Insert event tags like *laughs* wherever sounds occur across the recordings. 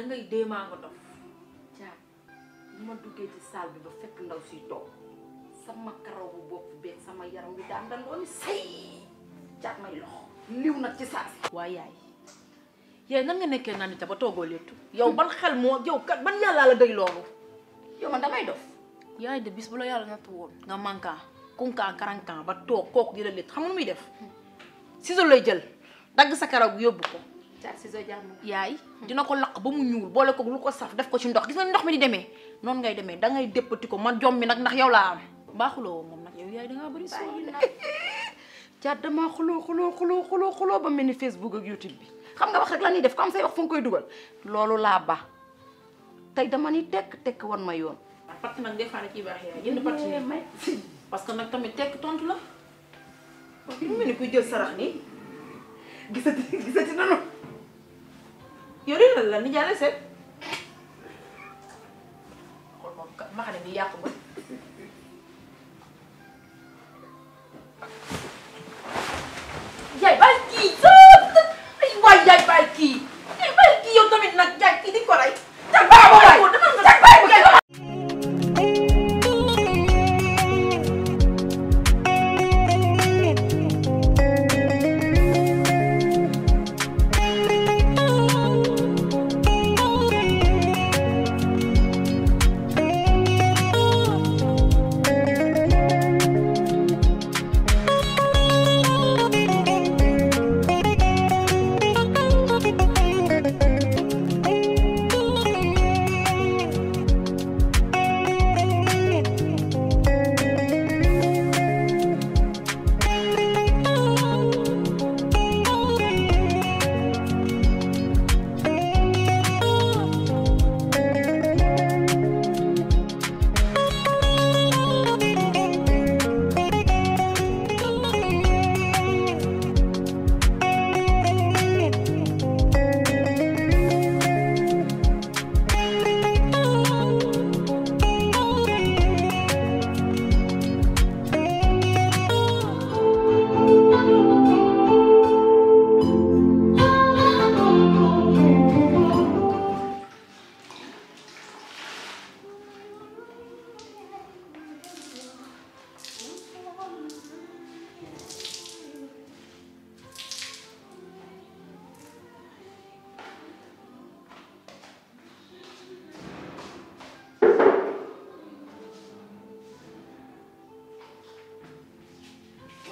da ngay déemaa nga dof jaar bu ma duggee ci salle bi ba fekk ndaw si toog sama karaw bu bopp beeg sama yaram bi daan dandoo ni say jaar may loxo liw nag ci saa si waaye yaay yaay nan nga nekkee naan itam ba toogoo léttu yow ban xel moo yow kat ban yàllaa la day loolu yow man damay dof yaay de bis bu la yàlla nattu woon nga manquant kunkan karankan ba toog kooku di létt xam nu muy def ciseau hmm. lay jël dagg sa karaw gi yóbbu ko yaay dina ko laq ba mu ñuul boole ko lu ko saf def ko ci ndox gis nga ndox mi di demee noonu ngay demee dangay ngay ko ma jom mi nag ndax yow laa am baaxuloo moom nag yow yaay dangaa bëri soo *laughs* caat damaa xuloo xuloo xuloo xuloo xuloo ba mel ni Facebook bi xam nga wax rek la ñuy def ko am say wax fu nga koy dugal loolu laa ba tey dama ni tekk tekk wan ma yoon patt nag des fois ciy baax yaay yenn patt may parce que nag tamit tekk tontu la parce mu mel ni kuy jël sarax nii gisati gisati nanu yorin la la nijaay la seen kon moom ma xam ne bi yàqu ma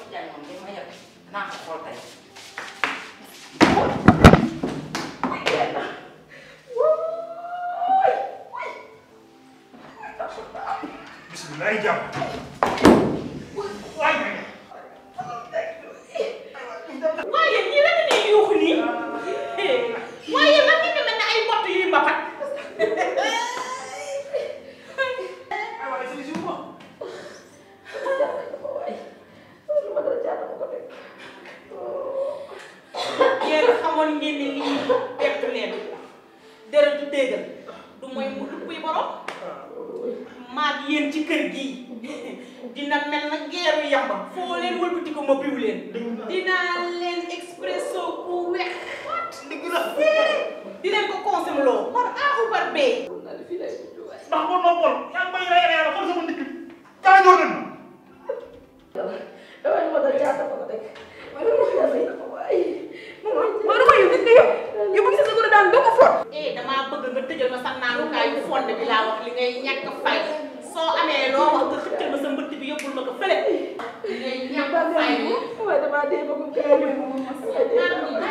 Tidiane moom dañ ma yàgg naa ko xool tey déggal du mooy mu du kuy borom maag yéen ci kër gi dina mel na geeru yamba foo leen wëlbati ko ma biw leen dinaa leen expresso ku wex di leen ko consommé loo par A ou par B ndax bon ma bon yaa ngi may rey rey la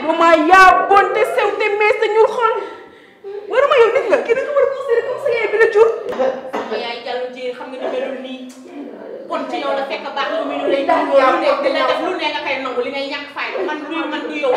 maman yaa bon te sew te mees te ñuul xool waruma yow nit nga kii da war a considéré comme sa yaay bi la jur. sama yaay Diallo Dieng xam nga ni melul nii kon ci yow la fekk baax lu muy lay def lu ne nga koy nangu li ngay ñàkk fay man du man du yow.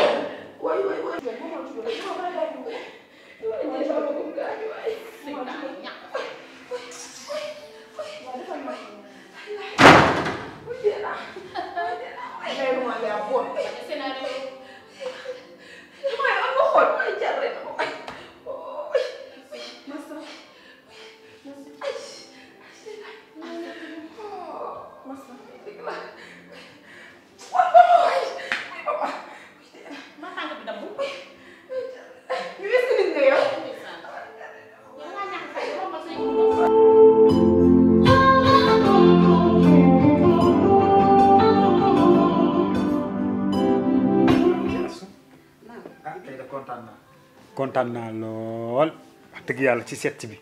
kontaan na lol wax deug yalla ci set bi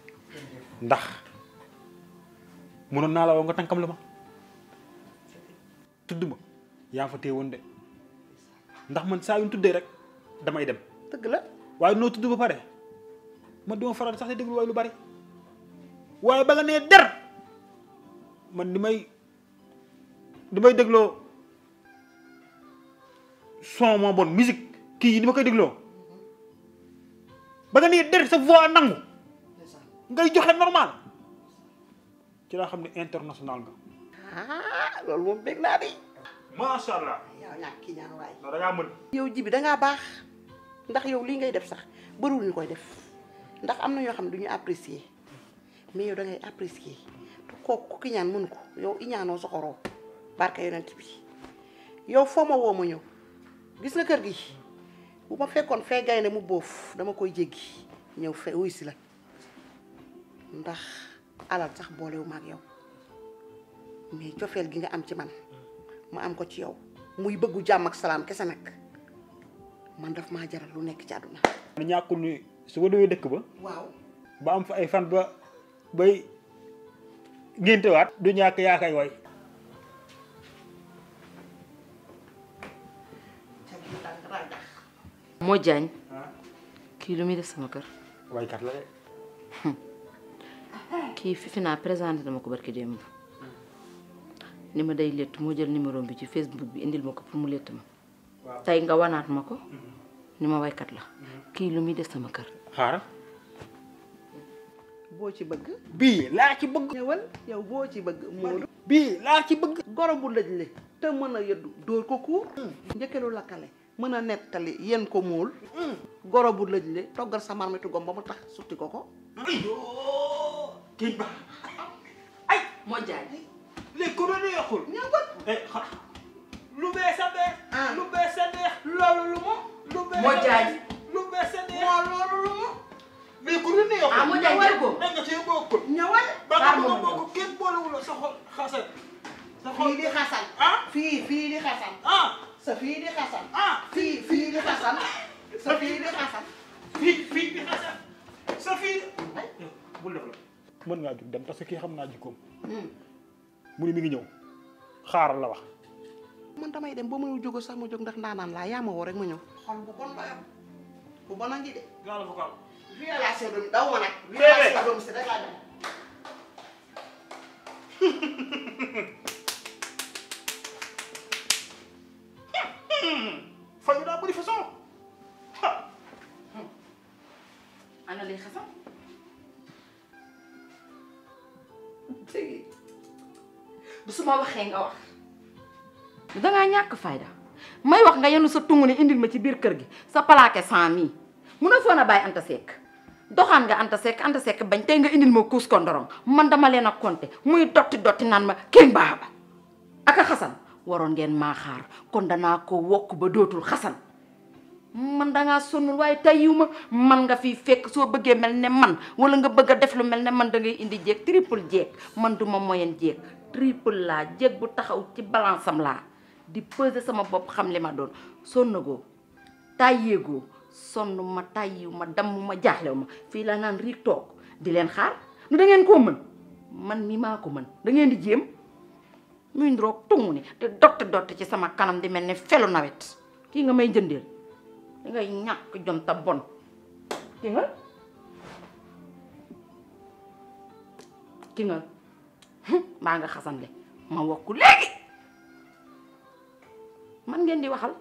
ndax mënon na la nga tankam luma ma ya fa téewoon de ndax man sa yuñ tuddé rek damay dem deug la waaye no tuddu ba paré ma do faral sax di déglu way lu bari waaye ba nga né der man di dimay di son mo bon musique ki ni ma koy dégloo ba ni der sa voix nangou ngay joxe normal ci la xamni international nga ah lolou moom bekk na di ma sha allah yow ya, ñàkk ki ñaan way da nga mën yow jibi da nga bax ndax yow li ngay def sax beurul ni koy def ndax amna na ñoo xam ne apprécier mais yow da ngay apprécier ko ku ki ñaan mën ko yow i iñaanoo soxoroo barka yonent bi yow foo ma woo ma ñëw gis na kër gi bu ma fekkoon fee gaynde mu boof dama koy jéggi ñëw fe wuy si la ndax alal sax boolewu ma ak yow mais cofeel gi nga am ci man ma am ko ci yow muy bëggu jàmm ak salaam kese nag man daf maa jaral lu nekk ci àdduna ñàkkul ni su ko demee dëkk ba waaw ba am fa ay fan ba bay ngéntewaat du ñàkk yaakaay waay moo jaañ ah. kii lu muy def sama kër. waykat la de. Hmm. kii fifi naa présenté dama ko barki démb hmm. ni ma day létt moo jël numéro bi ci facebook bi indil ma ko pour mu létt ma. tey nga wanaat ma ko. Hmm. ni ma waykat la. kii lu muy def sama kër. boo ci bëgg. laa ci bëgg. boo ci bëgg bii laa ci bëgg. goro bu lëj le te mën a yëddu dóor ko kuur. njëkkee lu lakkale. mën a nettali yéen ko muul goro bu lëj le toggal sa marmitu gom ba mu tax sutti ko ko kii ba ay moo jaay léegi ko doon yokkul eh, lu bees a bees ah. lu bees a bees loolu lu mu lu bees moo jaay lu bees a bees moo loolu lu mu mais ku doon yokkul ah moo jaay jël ko da nga cee bokkul ñëwal ba nga ko bokk kenn boolewul sa xol xasal sa xol fii di xasal ah fii fii di xasal ah sa fii di xasan. ah fii fii di xasan. sa di xasan. di xasan. sa bul def la. mën ngaa dem parce que xam naa jikkoom. Hmm. mu ni mi ngi ñëw xaaral la wax. man damay dem ba mënul jóg sax ma jóg ndax ndaanaan laa yaa ma rek ma ñëw. xol bu bon bu bon ngi de. bu la daw ma la rek dem. *laughs* bu su ma waxee nga wax. dangaa ñàkk fayda may wax nga yenu sa tungu ne indil ma ci biir kër gi sa plaqué cent mille mun a foon a bàyyi Anta doxaan nga Anta Seck Anta Seck bañ tey nga indil ma kuus ko ndorong man dama leen a compter muy dotti dotti naan ma kenn baax ba xasan waroon ngeen maa kon danaa ko wokk ba dootul xasan. man nga sonn way tayuma man nga fi fek so bëggee mel ne man wala nga bëgg def lu mel ne man da ngay indi jek triple jeeg man duma ma moyenne triple la jeeg bu taxaw ci balance am di peser sama bop xam li ma doon sonnagoo tàyyeegoo sonu ma tayuma ma damm ma jaaxlew ma fii laa naan riig di len xaar nu da ngeen ko man man mi mako man da ngeen di jem muy ndrok tungu ni te dotti dotti ci sama kanam di mel ne felu nawet ki nga may jëndel li ngay ñàkk *laughs* jom ta bon Tinggal. tingal maa kasan deh. ma aku lagi. man ngeen di wakal.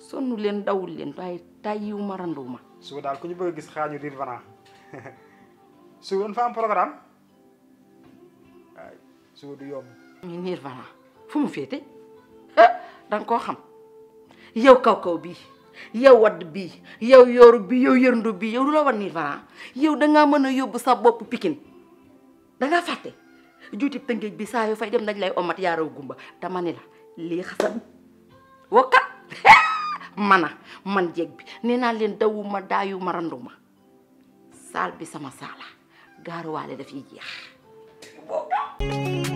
So nulen daulen. Tuh waaye tayu maran rumah. ma suba daal ku ñu bëgg gis xaañu riir banaa suba dafa kau yow wadd bii yow yooru bii yow yërndu bii yow du la wan nii faran yow dangaa mën a yóbbu sa bopp pikin dangaa fàtte juuti tëngéej bi saa yoo fay dem nañ lay omat yaaraw gumba dama ni la lii xasab wakkat *laughs* mana man jeeg bi nee naa leen dawuma daayuma randuma saal bi sama saala gaaruwaale yi jeex